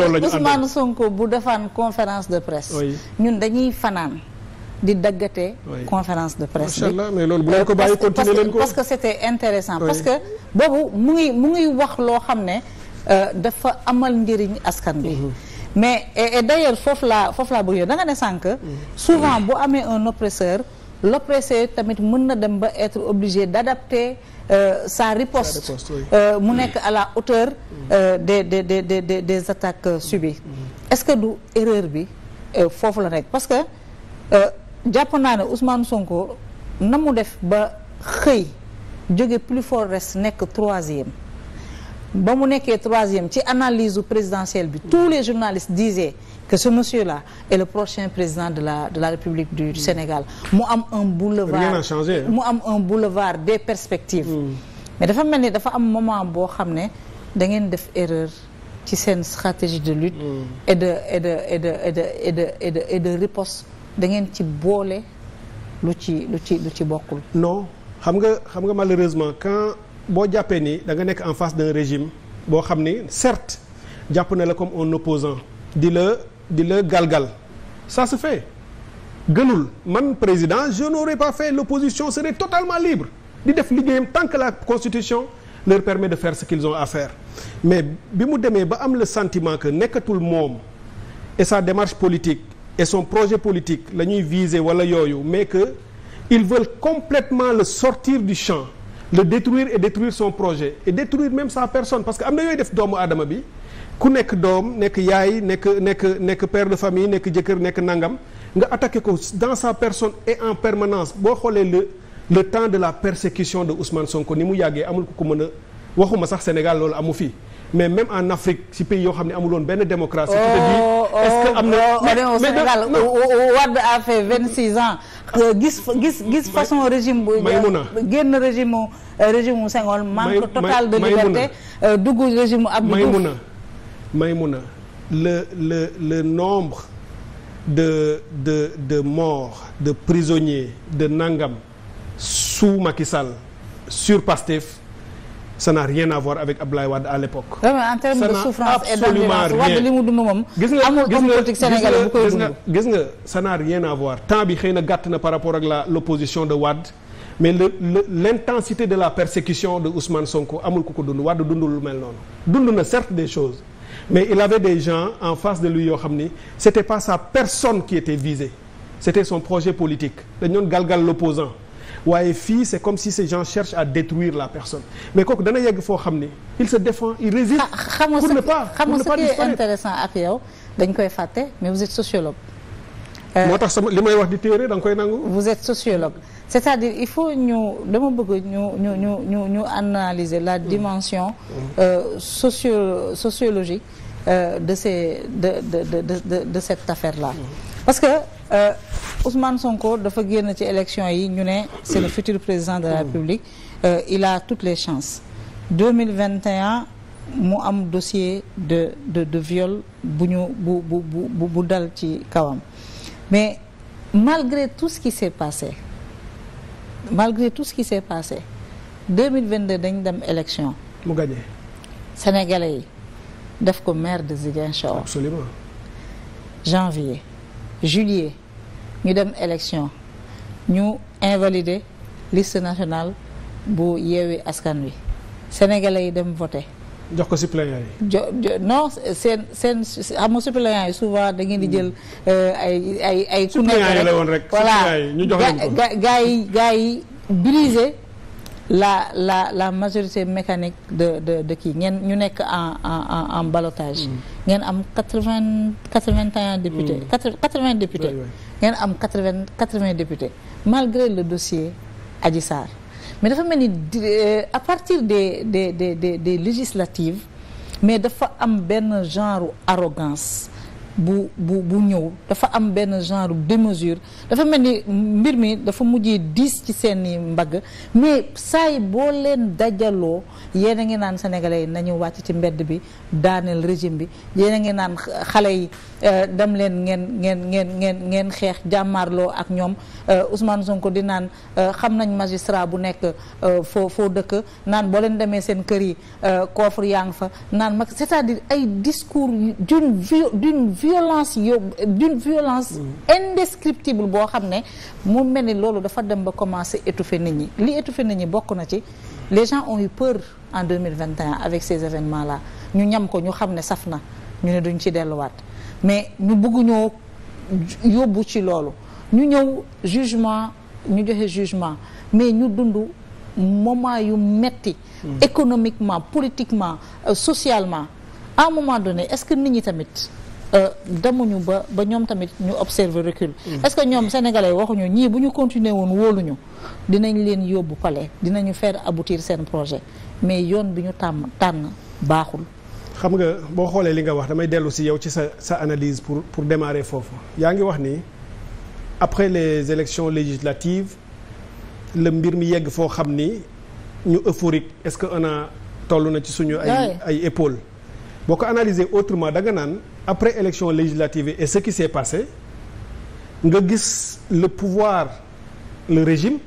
loolu la ñu Ousmane Sonko bu defaan conférence de presse. ñun dañuy fanaan di daggate. conférence de presse bi mu ngi wax loo xam ne euh, dafa amal njëriñ askan bi. Mhm. mais et, et d'ailleurs foofu laa foofu laa bëggee da nga ne sànq. Mhm. souvent bu amee un oppresseur l'oppresseur tamit mën na dem ba être obligé d'adapter Euh, sa riposte euh, mu nekk à la hauteur euh, des de de des des attaques subi mm. est-ce que du erreur bi foofu la nekk parce que jàpp naa ne Ousmane Sonko na mu def ba xëy jóge plus fort reste nekk troisième ba mu nekkee troisième ci analyse présidentielle bi tous les journalistes disaient que ce monsieur la est le prochain président de la de la République du, mm. Sénégal mu am un boulevard rien n'a mu am un boulevard des perspectives mm. mais dafa mel ni dafa am moment boo xam ne da ngeen def erreur ci seen stratégie de lutte mm. et de et de et da ngeen ci boole lu ci lu ci lu ci bokkul non xam nga xam nga malheureusement quand boo jàppee ni da nga nekk en face d'un régime boo xam ni certes jàpp na la comme un opposant di la di la galgal ça se fait gënul man président je n'aurais pas fait l'opposition serait totalement libre di def liggéeyam tant que la constitution leur permet de faire ce qu'ils ont à faire mais bi mu demee ba am le sentiment que nekkatul moom et sa démarche politique et son projet politique la ñuy viser wala yooyu mais que ils veulent complètement le sortir du champ le détruire et détruire son projet et détruire même sa personne parce que am na yooyu def doomu aadama bi ku nekk doom nekk yaay nekk nekk nekk père de famille nekk nekk nangam nga attaqué ko dans sa personne et en permanence boo xoolee le le temps de la persécution de Ousmane Sonko ni mu yàggee amul ko ko mën a waxuma sax Sénégal loolu amu fi mais même en Afrique ci pays yoo xam ne amuloon benn démocratie. tu te dis oh, est am na. Oh, oh, mais mais Sénégal Wade a fait 26 ans. Euh, gis gis gis façon régime bu génn régime mu euh, régime mu Senghor manque total de liberté euh, dugg régime Abdou Diouf Maïmouna le le le nombre de de de morts de prisonniers de nangam sous Macky sur Pastef ça n'a rien à voir avec Abdoulaye Wade à l'époque ça n'a absolument rien li mu dund moom gis nga amul homme gis nga ça n'a rien à voir temps bi xëy na gàtt na par rapport ak la l'opposition de Wade mais le l'intensité de la persécution de Ousmane Sonko amul ku ko dund Wade dundul lu mel noonu dund na certes des choses mais il avait des gens en face de lui yoo xam ni c'était pas sa personne qui était visée c'était son projet politique dañu doon galgal l'opposant waaye fii c'est comme si ces gens cherchent à détruire la personne mais kooku dana yàgg foo xam ne il se défend il résiste pour ne ne pas xam nga ce qui est intéressant ak yow dañ koy fàtte mais vous êtes sociologue euh, moo tax sama li may wax di téere da nga koy nangu vous êtes sociologue c'est-à-dire il faut ñu dama bëgg ñu ñu ñu ñu ñu analyser la dimension euh, socio sociologique euh, de de de de de de cette affaire-là parce que euh, Ousmane Sonko dafa génn ci élection yi ñu ne c'est le futur président de la hmm. République euh, il a toutes les chances 2021 mu am dossier de de de viol bu ñu bu dal ci kawam mais malgré tout ce qui s'est passé malgré tout ce qui s'est passé 2022 dañ dem élection mu Sénégalais yi def ko maire de Ziguinchor absolument janvier juillet ñu dem élection ñu invalider liste national bu yeewi askan wi sénégalais yi dem voter jox ko suppléants yi. jo jo seen seen xam nga suppléants yi souvent da ngeen di jël euh, ay ay ay. ku rek suppléants yi ñu jox leen ko gaa yi gaa yi brisé. la la la majorité mécanique de de de ngeen ñu nekk en en en ballottage. Mm. ngeen am mm. quatre vingt quatre vingt et un députés. quatre vingt députés. ngeen am quatre vingt quatre vingt députés malgré le dossier Adji Sarr mais dafa mel ni euh, à partir des des des des des législatives mais dafa am benn genre arrogance. bu bu bu ñëw dafa am benn genre démesure dafa mel ni mbir mi dafa mujjee diis ci seeni mbagg mais saa boo leen dajaloo yéen a ngi naan sénégalais yi nañu wàcc ci mbedd bi daaneel régime bi yéen a ngi naan xale yi euh, dem leen ngeen ngeen ngeen ngeen ngeen xeex jàmmaarloo ak ñoom euh, Ousmane Sonko di naan euh, xam nañ magistra bu nekk foo foo dëkk naan boo leen demee seen kër yi coffre yaa ngi fa naan mag c'est-à-dire ay discours d'une d'une violence yóbbu d'une violence mm. indescriptible boo xam ne mu mel ni loolu dafa dem ba commencer étouffer nit ñi li étouffer nit ñi bokk na ci les gens ont eu peur en 2021 avec ces événements là ñu ñam ko ñu xam ne saf na ñu ne duñ ci delluwaat mais ñu bëgg ñoo yóbbu ci loolu ñu ñëw jugement ñu joxe jugement mais ñu dundu moment yu metti mm. économiquement politiquement euh, socialement à un moment donné est-ce que nit ñi tamit Euh, demuñu ba ba ñoom tamit ñu observer recul mm. est que ñoom sénégalais waxuñu ñii bu ñu continuer woon wóoluñu dinañ leen yóbbu pale dinañu faire aboutir seen projet mais yoon bi ñu tàmm tànn baaxul xam nga boo xoolee li nga wax damay dellu si yow ci sa sa analyse pour pour démarrer foofu yaa ngi wax ni après les élections législatives la mbir mi yegg foo xam ni ñu euphorique est-ce que on a toll na ci suñu ay ay épaules boo ko analyser autrement da nga naan après élection législative et ce qui s'est passé nga gis le pouvoir le régime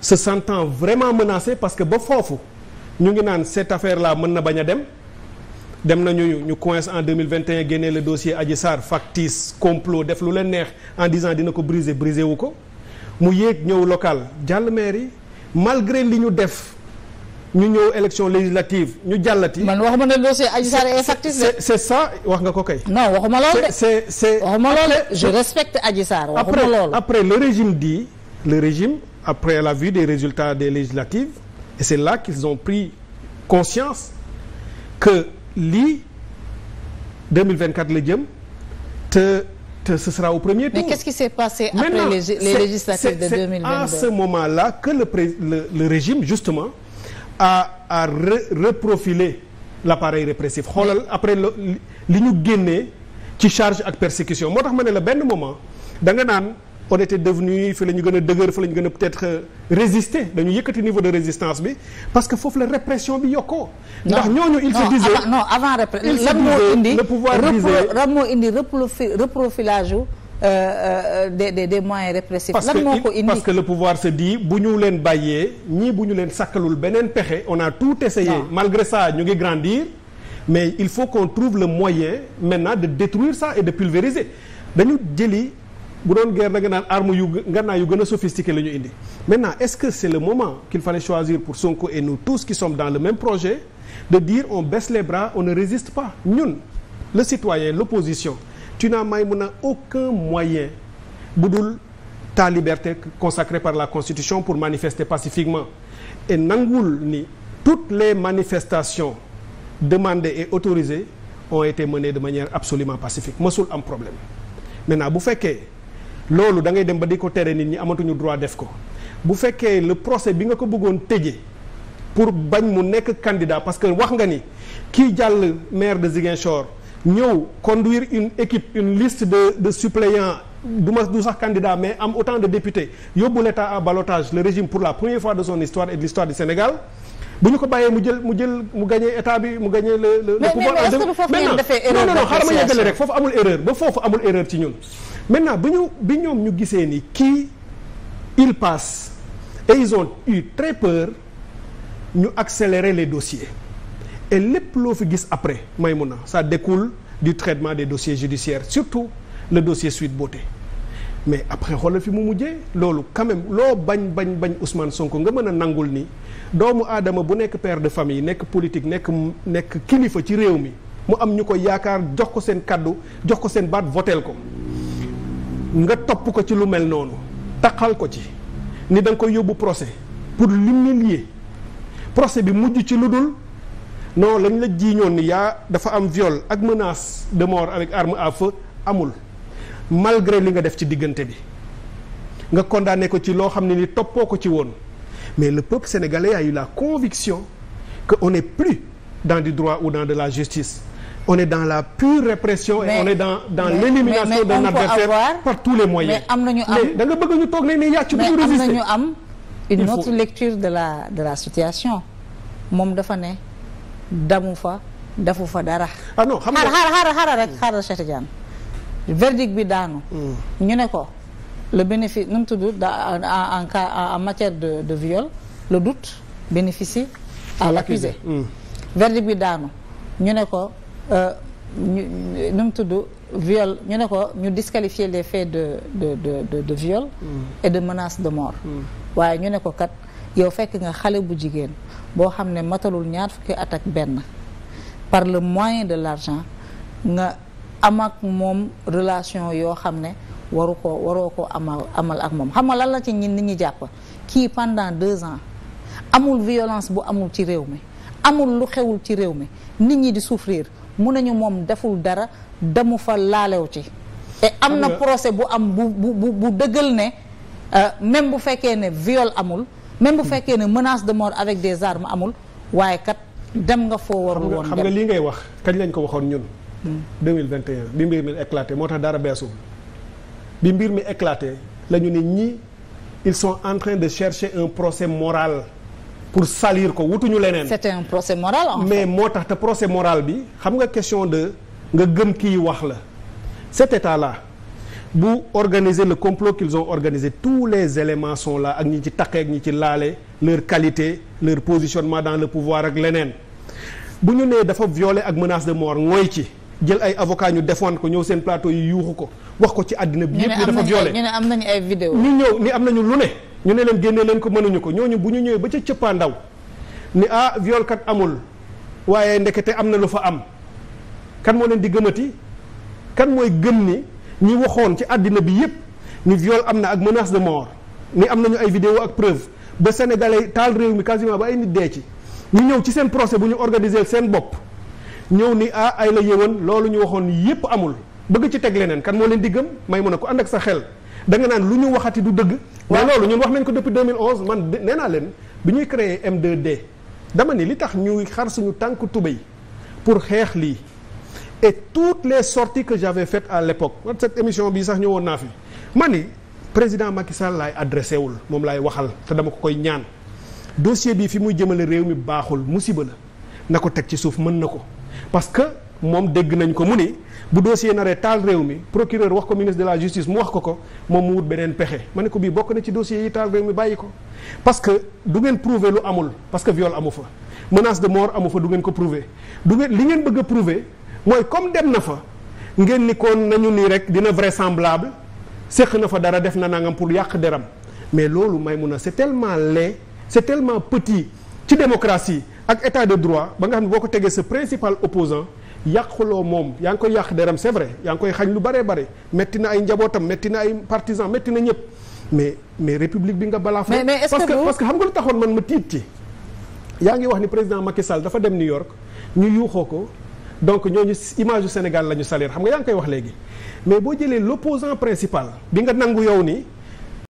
se sentant vraiment menacé parce que ba foofu ñu ngi naan cette affaire la mën na bañ a dem dem nañu ñu coince en génne génnee le dossier Adji Sarr factice complot def lu leen neex en disant dina ko briser briser wu ko mu yéeg ñëw local jàll maire yi malgré li ñu def ñu ñëw élection législative ñu jàllati. man waxuma ne dossier Adji Sarr est factice de. c'est ça wax nga ko kay. non waxuma loolu de. c'est c'est waxuma loolu de je respecte Adji Sarr. waxuma après le régime dit le régime après la vue des résultats des législatives et c'est là qu'ils ont pris conscience que lii 2024 la jëm te te ce sera au premier tour. mais qu'est-ce qui s'est passé après moment-là que le pré le, le régime justement. à à re reprofiler l'appareil répressif xoolal après li ñu génnee ci charge ak persécution moo tax ma ne la benn moment da nga naan on était devenu fi la ñu gën a dëgër fi la ñu gën a peut-être euh, résister dañu yëkkati niveau de résistance bi parce que foofu la répression bi yokkoo. ndax ñooñu il se disait non avant répression lan moo indi le pouvoir Euh, euh, des des des moyens répressifs. lan moo ko indi parce que le pouvoir se dit bu ñu leen bàyyee ñii bu ñu leen sakkalul beneen pexe on a tout essayé. malgré ça ñu ngi grandir. mais il faut qu'on trouve le moyen maintenant de détruire ça et de pulvériser dañu jëli bu doon guerre da nga naan arme yu ngannaa yu gën a sophistiqué la ñu indi maintenant est-ce que c'est le moment qu'il fallait choisir pour Sonko et nous tous qui sommes dans le même projet de dire on baisse les bras on ne résiste pas ñun le citoyen tu n'as Maïmouna aucun moyen bu dul ta liberté consacrée par la constitution pour manifester pacifiquement et nanguwul ni toutes les manifestations demandées et autorisées ont été menées de manière absolument pacifique mësul am problème maintenant bu fekkee loolu da ngay dem ba di ko tere nit ñi amatuñu droit def ko bu fekkee le procès bi nga ko bëggoon téje pour bañ mu nekk candidat parce que wax nga ni kii jàll maire de Ziguinchor ñëw conduire une équipe une liste de de suppléants du ma du sax candidat mais am autant de députés yóbbu l'État à ballottage le régime pour la première fois de son histoire et de l'histoire du Sénégal bu ñu ko bàyyee mu jël mu jël mu gagné état bi mu gagné le le pouvoir mais non non non xaaral ma yeggale rek foofu amul erreur ba foofu amul erreur ci ñun maintenant bi ñu bi ñoom ñu gisee ni kii il passe et ils ont eu très peur ñu accélérer les dossiers et lépp loo fi gis après mun Maïmouna sa découle du traitement des dossiers judiciaires surtout le dossier Sweet Beauté mais après xoolal fi mu mujjee loolu quand loo bañ bañ bañ Ousmane Sonko nga mën a nangul ni doomu aadama bu nekk pere de famille nekk politique nekk nekk kilifa ci réew mi mu am ñu ko yaakaar jox ko seen kàddu jox ko seen baat voteel ko nga topp ko ci lu mel noonu taqal ko ci ni da koy yóbbu procès pour l'humilier procès bi mujj ci lu dul non lañ la jiiñoon ni yaa dafa am viole ak menace de mort avec arme à feu amul malgré li nga def ci diggante bi nga condamné ko ci loo xam ne ni toppoo ko ci woon mais le peuple sénégalais a la conviction que on n'est plus dans du droit ou dans de la justice on est dans la pure répression mais, et on est dans dans mais, l'élimination d'un adversaire avoir, par tous les moyens mais am nañu am mais bëgg ñu toog ne ne yàcc bu ñu résister mais am nañu am de la de la situation moom dafa ne damu fa defu fa dara. ah xam nga xaaral xaaral rek xaaral Cheikh Tidiane. verdict bi daanu. Hmm. ñu ne ko le bénéfice nu mu tudd en cas en matière de de viol le doute bénéficie à l'accusé hmm. verdict bi daanu ñu ne ko euh, ñu nu mu tudd viol ñu ne ko ñu disqualifier les faits de de de de viol. Hmm. et de menace de mort. waaye ñu ne ko kat yow fekk nga xale bu jigéen. boo xam ne matalul ñaar fukki at ak benn par le moyen de l'argent nga am ak moom relation yoo xam ne waru ko waroo ko amal amal ak moom xam nga lan ci ñi nit ñi jàpp kii pendant deux ans amul violence bu amul ci réew mi amul lu xewul ci réew mi nit ñi di souffrir mu nañu moom deful dara demu fa laalew ci te am na procès bu am bu bu bu dëggal ne euh, même bu fekkee ne viole amul même bu fekkee ne menace de mort avec des armes amul waaye kat dem nga foo warul woon xam nga lii ngay wax kañ lañ ko waxoon ñun 2021 hmm. bi mbir mi éclaté moo tax dara beesul bi mbir mi éclaté la ñu ne ñi ils sont en train de chercher un procès moral pour salir ko wutuñu leneen c'était un procès moral en fait. mais moo tax te procès moral bi xam nga question de nga gëm kii wax la cet état là bu organiser le complot qu'ils ont organisé tous les éléments sont là ak ñi ci taqee ak ñi ci laale leur qualité leur positionnement dans le pouvoir ak leneen bu ñu nee dafa violer ak menace de mort ngooy ci jël ay avocat ñu defoon ko ñëw seen plateau yi yuuxu ko wax ko ci àddina bi yëpp dafa violer ñu ne am nañu ay vidéo ñu ñëw ni am nañu lu ne ñu ne leen génnee leen ko mënuñu ko ñooñu bu ñu ñëwee ba ca cëppaa ndaw ni ah viol kat amul waaye ndekete am na lu fa am kan moo leen di gëmati kan mooy gëm ni ñu waxoon ci àddina bi yépp ni viol am na ak menace de mort ni am nañu ay vidéo ak preuve ba sénégalais taal réew mi quasiment ba ay nit dee ci ñu ñëw ci seen procès bu ñu organiser seen bopp ñëw ni ah ay la yëwan loolu ñu waxoon yépp amul bëgg ci teg leneen kan moo leen di gëm may mën a ko ànd ak sa xel da nga naan lu ñu waxati du dëgg mais loolu ñun wax nañ ko depuis 2011 man nee naa leen bi ñuy créer M2D dama ni li tax ñuy xar suñu tànk tubéy pour xeex lii et toutes les sorties que j'avais faites à l'époque wat cette émission bii sax ñëwoon naa fi ma ni président Macky Sall laay adressé moom laay waxal te dama ko koy ñaan dossier bi fi muy jëmale réew mi baaxul musiba la na ko teg ci suuf mën na ko parce que moom dégg nañ ko mu ni bu dossier naree taal réew mi procureur wax ko ministre de la justice mu wax ko ko moom mu wut beneen pexe ma ne ko bii bokk na ci dossier yi taal réew mi bàyyi ko parce que du ngeen prouver lu amul parce que viol amu fa menace de mort amu fa du ngeen ko prouver du ngeen li ngeen bëgg mooy comme dem na fa ngeen ni koon nañu nii rek dina vraisemblable séq na fa dara def na nangam pour yàq deram mais loolu may mun a c'est tellement laid c'est tellement petit ci démocratie ak état de droit ba nga xam ne boo ko tegee sa principal opposant yàquloo moom yaa ngi koy yàq deram c'est vrai yaa ngi koy xañ lu bare bare metti na ay njabootam metti na ay partisans metti na ñëpp mais mais république bi nga balaa fa parce que parce que xam nga lu taxoon man ma tiit ci yaa ngi wax ni président Macky Sall dafa dem New York ñu yuuxoo ko donc ñooñu image du Sénégal la ñu salir xam nga yaa ngi koy wax léegi mais boo jëlee l'opposant principal bi nga nangu yow ni